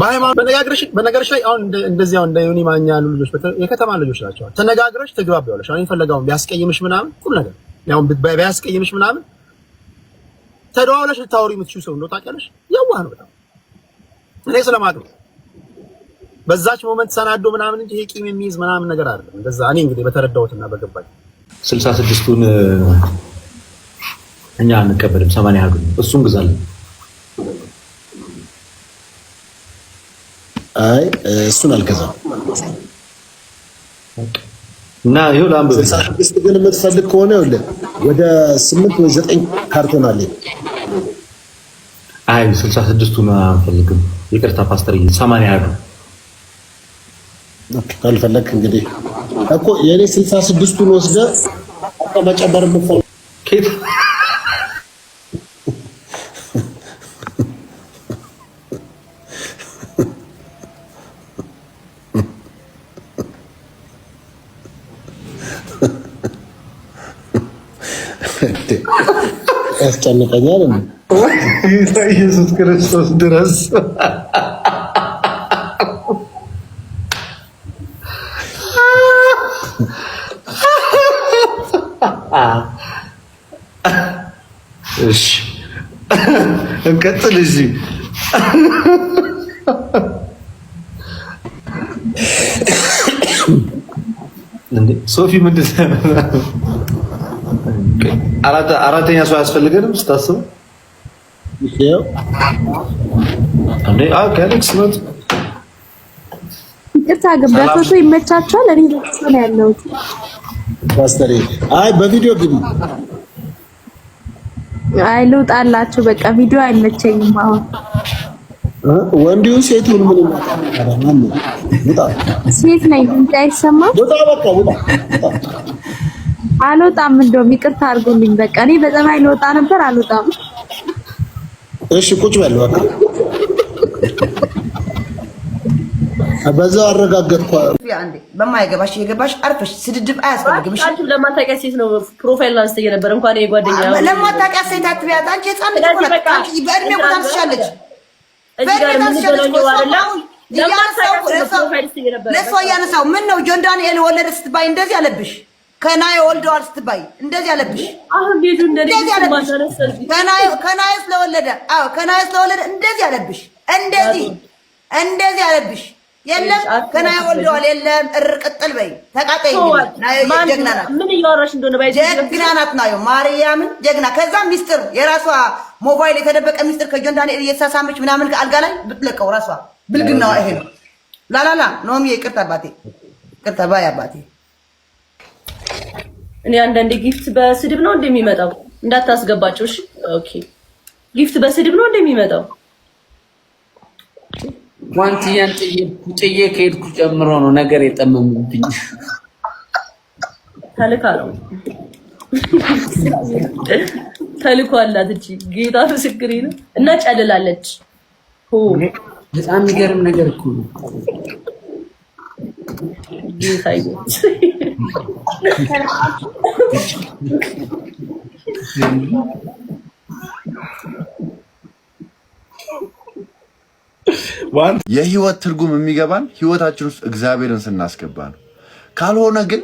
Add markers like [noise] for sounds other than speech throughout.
በሃይማኖት በነገርሽ ላይ አሁን እንደዚህ አሁን እንደ ዮኒ ማኛ ያሉ ልጆች የከተማ ልጆች ናቸው። ተነጋግረሽ ተግባቢዋለሽ። አሁን የፈለገውን ቢያስቀይምሽ ምናምን ሁሉ ነገር ያው ቢያስቀይምሽ ምናምን ተደዋውለሽ ልታወሪ የምትችው ሰው እንደው ታውቂያለሽ። የዋህ ነው በጣም እኔ ስለማቅ በዛች ሞመንት ሰናዶ ምናምን እንጂ ይሄ ቂም የሚይዝ ምናምን ነገር አይደለም። እንደዛ እኔ እንግዲህ በተረዳሁትና በገባኝ ስልሳ ስድስቱን እኛ አንቀበልም። ሰማንያ ያህሉን እሱን ግዛለን አይ እሱን አልገዛም። እና ይኸው ለአንብብ ስድስት ግን የምትፈልግ ከሆነ ወደ ስምንት ወይ ዘጠኝ ካርቶን አለ። አይ ስልሳ ስድስቱን አንፈልግም። ይቅርታ ፓስተር፣ ሰማንያ ያሉ ካልፈለግ እንግዲህ እኮ የእኔ ስልሳ ስድስቱን ወስደህ መጨመር ኬት ያስጨንቀኛል። ጌታ ኢየሱስ ክርስቶስ ድረስ እንቀጥል። እዚህ ሶፊ ምንድን ነው አራተኛ ሰው አያስፈልገንም ስታስበው እንዴ ከአሌክስ መጥ ይቅርታ ግብረቶቹ ይመቻቸዋል። እኔ ለቅሶ ነው ያለሁት። ፓስተሬ አይ በቪዲዮ ግቡ። አይ ልውጣላችሁ፣ በቃ ቪዲዮ አይመቸኝም። አሁን ወንዲሁ ሴቱን ምን ይመጣ? ሴት ነኝ እንጂ አይሰማም። ውጣ በቃ ውጣ አልወጣም። እንደውም ይቅርታ አድርጉልኝ። በቃ እኔ በፀባይ ልወጣ ነበር አልወጣም። እሺ ቁጭ በል በቃ በዛው አረጋገጥኩ። አንዴ በማይገባሽ የገባሽ አርፈሽ ስድድብ አያስፈልግም። እሺ አንቺም ለማታውቂያት ሴት ነው ፕሮፋይል አንስተ የነበረ እንኳን የጓደኛ ለማታውቂያት ሴት አትቢያት። አንቺ ህፃን ልጅ ነው። አንቺ በእድሜ ቦታ ትሻለች። በእድሜ ታስሻለች ነው ለማታውቂያት ሴት ፕሮፋይል አንስተ የነበረ ለሷ እያነሳው ምን ነው ጆን ዳንኤል ወለደ ስትባይ እንደዚህ አለብሽ። ከናየ ወልደዋል ስትባይ እንደዚህ አለብሽ። ከናየ ስለወለደ አዎ፣ ከናየ ስለወለደ እንደዚህ አለብሽ። እንደዚህ እንደዚህ አለብሽ። የለም ከናየ ወልደዋል የለም። እርቅጥል በይ ተቃጠይ። ጀግና ናት። ምን እያወራሽ እንደሆነ ባይ ጀግና ናት። ናየ ማርያምን ጀግና። ከዛ ሚስጥር የራሷ ሞባይል የተደበቀ ሚስጥር ከጆን ዳንኤል እየተሳሳመች ምናምን አልጋ ላይ ብትለቀው ራሷ ብልግናዋ ይሄ ነው። ላላላ ኖሚ አባቴ፣ ባይ አባቴ እኔ አንዳንዴ ጊፍት በስድብ ነው እንደሚመጣው እንዳታስገባቸው። እሺ ኦኬ። ጊፍት በስድብ ነው እንደሚመጣው። ዋንትያን ጥዬ ከሄድኩ ጨምሮ ነው ነገር የጠመሙብኝ። ተልካ ነው ተልኮ አላት እቺ ጌታ ምስክሬ ነው። እና ጨልላለች። በጣም የሚገርም ነገር እኮ ነው። የህይወት ትርጉም የሚገባን ህይወታችን ውስጥ እግዚአብሔርን ስናስገባ ነው። ካልሆነ ግን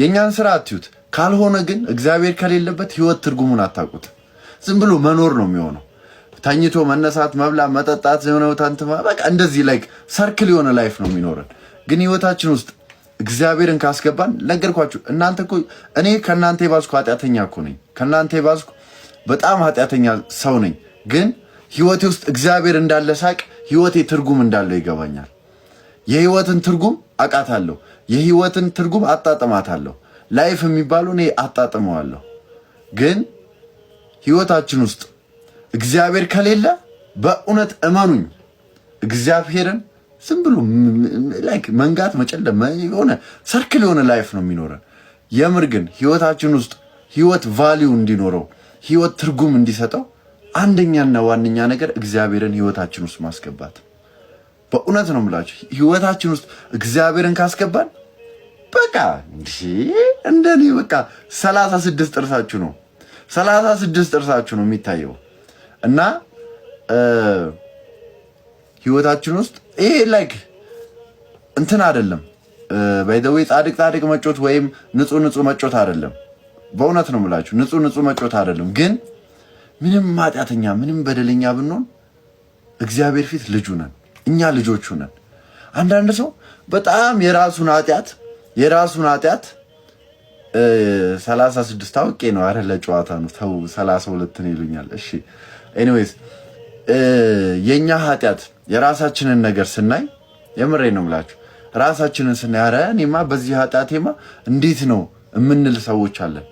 የእኛን ስራ አትዩት። ካልሆነ ግን እግዚአብሔር ከሌለበት ህይወት ትርጉሙን አታውቁት። ዝም ብሎ መኖር ነው የሚሆነው። ተኝቶ መነሳት፣ መብላ፣ መጠጣት የሆነ በቃ እንደዚህ ላይ ሰርክል የሆነ ላይፍ ነው የሚኖረን። ግን ህይወታችን ውስጥ እግዚአብሔርን ካስገባን ነገርኳችሁ። እናንተ እኮ እኔ ከእናንተ የባዝኩ ኃጢአተኛ እኮ ነኝ። ከእናንተ የባዝኩ በጣም ኃጢአተኛ ሰው ነኝ። ግን ህይወቴ ውስጥ እግዚአብሔር እንዳለ ሳቅ ህይወቴ ትርጉም እንዳለው ይገባኛል። የህይወትን ትርጉም አቃታለሁ። የህይወትን ትርጉም አጣጥማታለሁ። ላይፍ የሚባሉ እኔ አጣጥመዋለሁ። ግን ህይወታችን ውስጥ እግዚአብሔር ከሌለ በእውነት እመኑኝ እግዚአብሔርን ዝም ብሎ ላይክ መንጋት መጨለም የሆነ ሰርክል የሆነ ላይፍ ነው የሚኖረን። የምር ግን ህይወታችን ውስጥ ህይወት ቫሊዩ እንዲኖረው ህይወት ትርጉም እንዲሰጠው አንደኛና ዋነኛ ነገር እግዚአብሔርን ህይወታችን ውስጥ ማስገባት። በእውነት ነው የምላችሁ ህይወታችን ውስጥ እግዚአብሔርን ካስገባን በቃ እንደኔ በቃ ሰላሳ ስድስት ጥርሳችሁ ነው ሰላሳ ስድስት ጥርሳችሁ ነው የሚታየው እና ህይወታችን ውስጥ ይሄ ላይክ እንትን አይደለም። ዌ ጻድቅ ጻድቅ መጮት ወይም ንጹህ ንጹህ መጮት አይደለም። በእውነት ነው የምላችሁ ንጹህ ንጹህ መጮት አይደለም። ግን ምንም ማጥያተኛ ምንም በደለኛ ብንሆን እግዚአብሔር ፊት ልጁ ነን፣ እኛ ልጆቹ ነን። አንዳንድ ሰው በጣም የራሱን ኃጢአት የራሱን ኃጢአት ሰላሳ ስድስት አውቄ ነው አረ ለጨዋታ ነው ተው ሰላሳ ሁለትን ይሉኛል። እሺ ኤኒዌይስ የእኛ ኃጢአት የራሳችንን ነገር ስናይ የምሬ ነው ምላችሁ ራሳችንን ስናይ ኧረ እኔማ በዚህ ኃጢአቴማ እንዴት ነው የምንል ሰዎች አለን።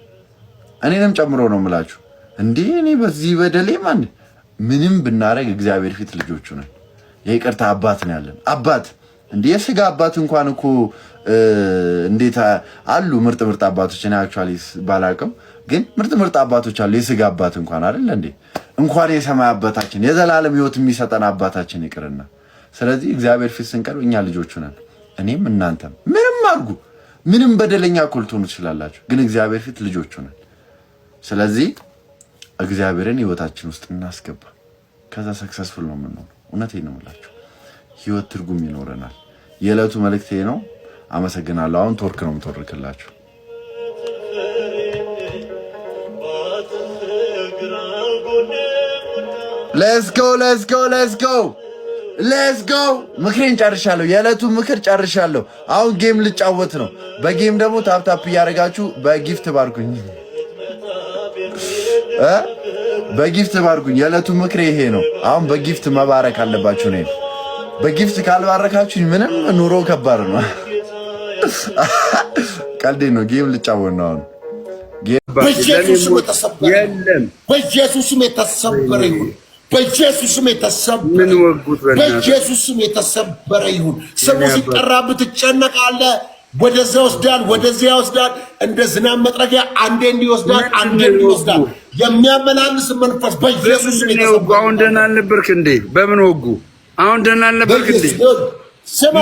እኔንም ጨምሮ ነው ምላችሁ እንዲህ እኔ በዚህ በደሌ ማን ምንም ብናደረግ እግዚአብሔር ፊት ልጆቹ ነን። የይቅርታ አባት ነው ያለን አባት እንደ የስጋ አባት እንኳን እኮ እንዴት አሉ ምርጥ ምርጥ አባቶች እኔ አክቹዋሊ ባላቅም ግን ምርጥ ምርጥ አባቶች አሉ። የስጋ አባት እንኳን አይደለ እንዴ እንኳን የሰማይ አባታችን የዘላለም ህይወት የሚሰጠን አባታችን ይቅርና። ስለዚህ እግዚአብሔር ፊት ስንቀርብ እኛ ልጆቹ ነን። እኔም እናንተም ምንም አድርጉ፣ ምንም በደለኛ እኮ ልትሆኑ ትችላላችሁ፣ ግን እግዚአብሔር ፊት ልጆቹ ነን። ስለዚህ እግዚአብሔርን ህይወታችን ውስጥ እናስገባ። ከዛ ሰክሰስፉል ነው የምንሆነው። እውነቴን ነው የምላችሁ፣ ትርጉም ይኖረናል። የዕለቱ መልእክቴ ነው። አመሰግናለሁ። አሁን ቶርክ ነው የምትወርክላችሁ። ለስጎ ለስጎ ለስጎ ለስጎ ምክሬን ጨርሻለሁ። የዕለቱ ምክር ጨርሻለሁ። አሁን ጌም ልጫወት ነው። በጌም ደግሞ ታፕታፕ እያደረጋችሁ በጊፍት ባርኩኝ፣ በጊፍት ባርኩኝ። የዕለቱ ምክር ይሄ ነው። አሁን በጊፍት መባረክ አለባችሁ። እኔ በጊፍት ካልባረካችሁኝ ምንም ኑሮ ከባድ ነው። ቀልዴ ነው። ጌም ልጫወት ነው አሁን በኢየሱስም የተሰበረ ይሁን። በኢየሱስ ስም የተሰበረ በኢየሱስ ስም የተሰበረ ይሁን። ስሙ ሲጠራ ብትጨነቃለህ። ወደዚያ ወስዳል፣ ወደዚያ ወስዳል። እንደ ዝናብ መጥረጊያ አንዴ እንዲወስዳል፣ አንዴ እንዲወስዳል። የሚያመላልስ መንፈስ በኢየሱስ ስም የተሰበረ። አሁን ደህና አልነበርክ እንዴ? በምን ወጉ? አሁን ደህና አልነበርክ እንዴ?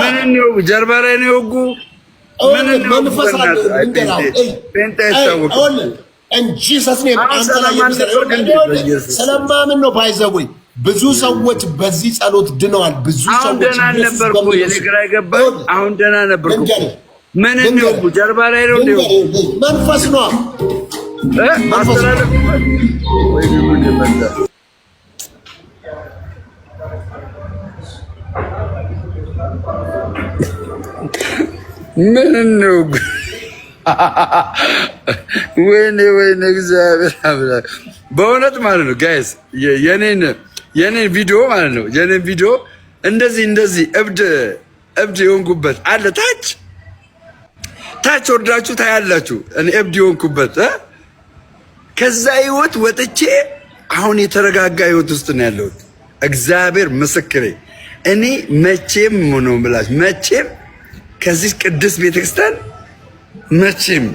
ምን ነው ጀርባ ላይ ነው ወጉ? ምን ነው መንፈስ አለ እንዴ? ጴንጤ አይታወቅም እንጂሰስ ኔም አንተ ስለማምን ነው። ባይዘወይ ብዙ ሰዎች በዚህ ጸሎት ድነዋል። ብዙ ሰዎች አሁን ደህና ነበርኩ። ምን ነው ጀርባ ላይ ነው መንፈስ ነው ምን ነው [laughs] ወይኔ ወይኔ፣ እግዚአብሔር በእውነት ማለት ነው ጋይስ፣ የኔን የኔን ቪዲዮ ማለት ነው የኔን ቪዲዮ እንደዚህ እንደዚህ እብድ እብድ የሆንኩበት አለ። ታች ታች ወርዳችሁ ታያላችሁ። እኔ እብድ የሆንኩበት ከዛ ህይወት ወጥቼ አሁን የተረጋጋ ህይወት ውስጥ ነው ያለሁት። እግዚአብሔር ምስክሬ። እኔ መቼም ነው ብላችሁ መቼም ከዚህ ቅድስት ቤተክርስቲያን መቼም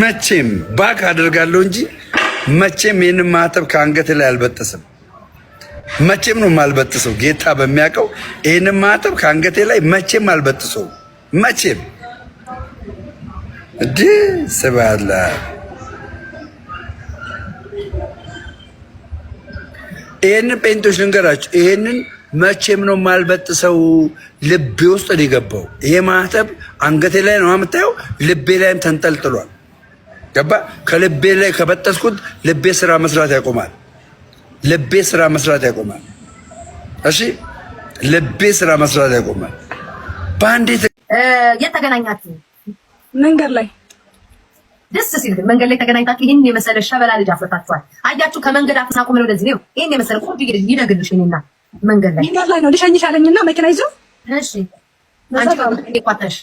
መቼም ባክ አደርጋለሁ እንጂ መቼም ይህን ማህተብ ከአንገት ላይ አልበጥስም። መቼም ነው የማልበጥሰው። ጌታ በሚያውቀው ይህን ማህተብ ከአንገቴ ላይ መቼም አልበጥሰው። መቼም እዲ ስባላ ይህንን ጴንቶች ልንገራቸው፣ ይህንን መቼም ነው የማልበጥሰው። ልቤ ውስጥ ሊገባው ይሄ ማህተብ አንገቴ ላይ ነው የምታየው፣ ልቤ ላይም ተንጠልጥሏል። ገባ ከልቤ ላይ ከበጠስኩት ልቤ ስራ መስራት ያቆማል። ልቤ ስራ መስራት ያቆማል። እሺ ልቤ ስራ መስራት ያቆማል። በአንዴ የተገናኛችሁ መንገድ ላይ ደስ ሲል መንገድ ላይ ተገናኝታችሁ ይህን የመሰለ ሸበላ ልጅ አፈታችኋል። አያችሁ ከመንገድ አፍሳ ቁም ነው ወደዚህ ነው። ይህን የመሰለ ቆንጆ ልጅ ይነግርሽ እኔና መንገድ ላይ መንገድ ላይ ነው ልሸኝሽ አለኝና መኪና ይዞ እሺ አንቺ ቋጠሽ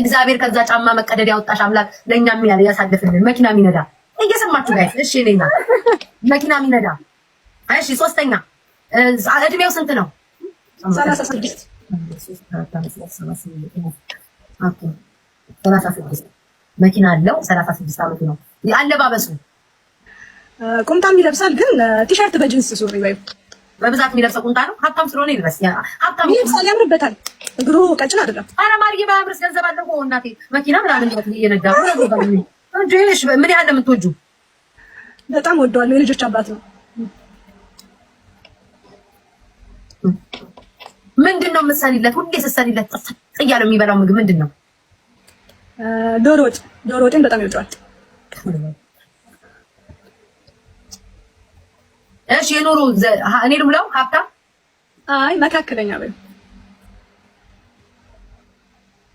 እግዚአብሔር ከዛ ጫማ መቀደድ ያወጣሽ አምላክ ለእኛ የሚያለ ያሳልፍልን። መኪና የሚነዳ እየሰማችሁ ጋይስ፣ እሺ እኔና መኪና የሚነዳ እሺ። ሶስተኛ እድሜው ስንት ነው? ሰላሳ ስድስት መኪና አለው። ሰላሳ ስድስት ዓመቱ ነው። አለባበሱ ቁምጣም ይለብሳል፣ ግን ቲሸርት በጅንስ ሱሪ ወይ በብዛት የሚለብሰው ቁንጣ ነው። ሀብታም ስለሆነ ይልበስ። ሀብታም ያምርበታል። እግሩ ቀጭን አይደለም። አረ ማርዬ ባያምርስ ገንዘብ አለ እኮ እናቴ። መኪና ምናምን እየነዳ ምን ያህል የምትወጁ በጣም ወደዋለሁ። የልጆች አባት ነው። ምንድን ነው የምትሰሪለት? ሁሌ ስትሰሪለት ጥፍጥ እያለው የሚበላው ምግብ ምንድን ነው? ዶሮ ወጥ። ዶሮ ወጤን በጣም ይወደዋል። እሺ የኑሩ እኔ ልምለው ሀብታም አይ መካከለኛ በይ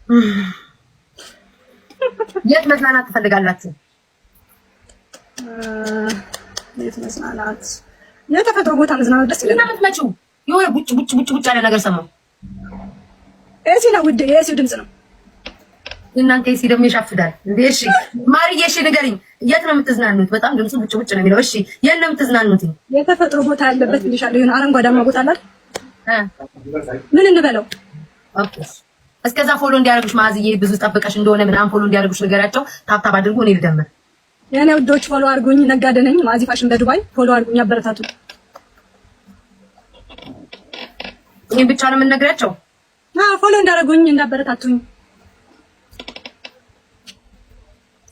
[sighs] የት መዝናናት ትፈልጋላችሁ የት መዝናናት የተፈጥሮ ቦታ መዝናናት ደስ ይላል ምናምን መጪው የሆነ ቡጭ ቡጭ ቡጭ ቡጭ ያለ ነገር ሰማሁ ኤሲ ነው ውዴ የኤሲው ድምፅ ነው እናንተ ሲ ደግሞ ይሻፍዳል እንዴ? እሺ ማርዬ፣ እሺ ንገሪኝ፣ የት ነው የምትዝናኑት? በጣም ድምፁ ብጭ ብጭ ነው የሚለው። እሺ የት ነው የምትዝናኑት? የተፈጥሮ ቦታ ያለበት ብልሻለሁ። የሆነ አረንጓዳማ ቦታ አላት። ምን እንበለው? ኦኬ እስከዛ ፎሎ እንዲያደርጉሽ ማዝዬ፣ ብዙ ጠብቀሽ እንደሆነ ምናምን ፎሎ እንዲያደርጉሽ ንገሪያቸው። ታብታብ አድርጎ እኔ ልደምር። የኔ ውዶች ፎሎ አድርጉኝ፣ ነጋዴ ነኝ። ማዚ ፋሽን በዱባይ ፎሎ አድርጉኝ፣ አበረታቱ። ይሄን ብቻ ነው የምንነግራቸው። ፎሎ እንዳደረጉኝ እንዳበረታቱኝ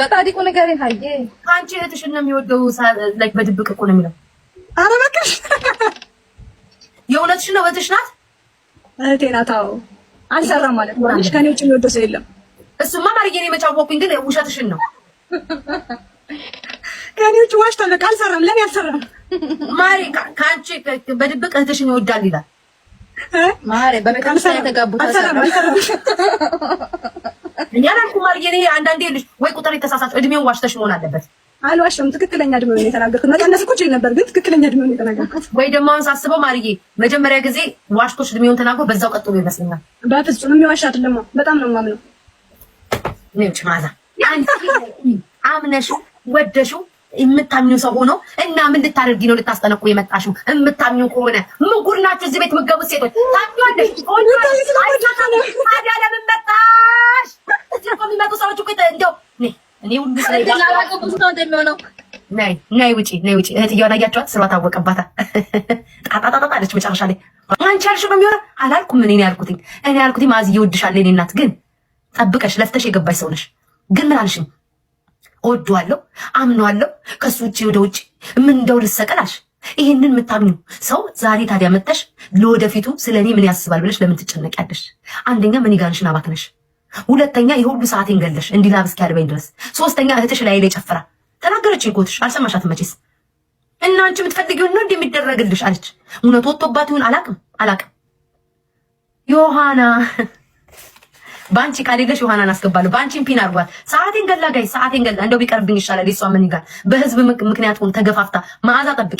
በጣዲቁ ነገር ይታየ አንቺ እህትሽን ነው የሚወደው ላይ በድብቅ እኮ ነው የሚለው። አረ በቃሽ፣ የእውነትሽ ነው። እህትሽ ናት፣ እህቴ ናት። አዎ አልሰራም ማለት ነው። አንቺ ከኔ ውጭ የሚወደው ሰው የለም። እሱማ ማርዬ ነው የመጫወኩኝ፣ ግን ውሸትሽን ነው። ከኔ ውጭ ዋሽቷል። በቃ አልሰራም፣ ለኔ አልሰራም። ማሪ ከአንቺ በድብቅ እህትሽን ይወዳል ይላል። ማሪ በመቃም ሳይተጋቡታ አልሰራም እኛ ላልኩ ማርዬ፣ አንዳንዴ ልጅ ወይ ቁጥር የተሳሳቸው እድሜውን ዋሽተሽ መሆን አለበት። አልዋሽም። ትክክለኛ እድሜ ነው የተናገርኩት። መቀነስ እኮ ይችል ነበር፣ ግን ትክክለኛ እድሜ ነው የተናገርኩት። ወይ ደግሞ አሁን ሳስበው ማርዬ መጀመሪያ ጊዜ ዋሽቶች እድሜውን ተናግሮ በዛው ቀጥሎ ይመስለኛል። በፍጹም የሚዋሽ አይደለም። በጣም ነው ማምነው። ማዛ አንቺ አምነሽው ወደሽው የምታምኙ ሰው ሆኖ እና ምን ልታደርጊ ነው ልታስጠነቁ የመጣሽው? የምታምኙ ከሆነ ምጉር ናችሁ? እዚህ ቤት ምገቡ ሴቶች ታምኛለሽ። ለምን መጣሽ? እኮ የሚመጡ ሰዎች እኮ እንደው እኔ ሁሉ ነይ ነይ ውጪ ነይ ውጪ። እህትየዋን አያቸዋት ስሯ ታወቀባታል። ጣጣጣጣ [laughs] አለች መጨረሻ ላይ አንቺ አልሽ ነው የሚሆነው። አላልኩም እኔ ያልኩትኝ እኔ ያልኩትኝ ማዝዬ እወድሻለሁ የእኔ እናት ግን ጠብቀሽ ለፍተሽ የገባሽ ሰው ነሽ ግን ምን አልሽኝ እወደዋለሁ፣ አምነዋለሁ። ከሱ ውጭ ወደ ውጭ ምን እንደው ልሰቀላሽ? ይህንን የምታምኙ ሰው ዛሬ ታዲያ መጥተሽ ለወደፊቱ ስለ እኔ ምን ያስባል ብለሽ ለምን ትጨነቂያለሽ? አንደኛ መኒጋንሽን አባክነሽ፣ ሁለተኛ የሁሉ ሰዓቴን ገለሽ እንዲህ ላብ እስኪያልበኝ ድረስ፣ ሶስተኛ እህትሽ ላይ ላይ ጨፍራ ተናገረች። ይጎትሽ አልሰማሻትም መቼስ እና አንቺ የምትፈልጊው ነው እንዴ የሚደረግልሽ? አለች። እውነት ወጥቶባት ይሁን አላቅም አላቅም ዮሐና በአንቺ ካደገሽ ዮሐናን አስገባለሁ። በአንቺን ፒን አርጓት። ሰዓቴን ገላ ጋይ ሰዓቴን ገላ እንደው ቢቀርብኝ ይሻላል። ሷ ምን ይጋል በህዝብ ምክንያት ሆን ተገፋፍታ መዓዛ ጠብቂ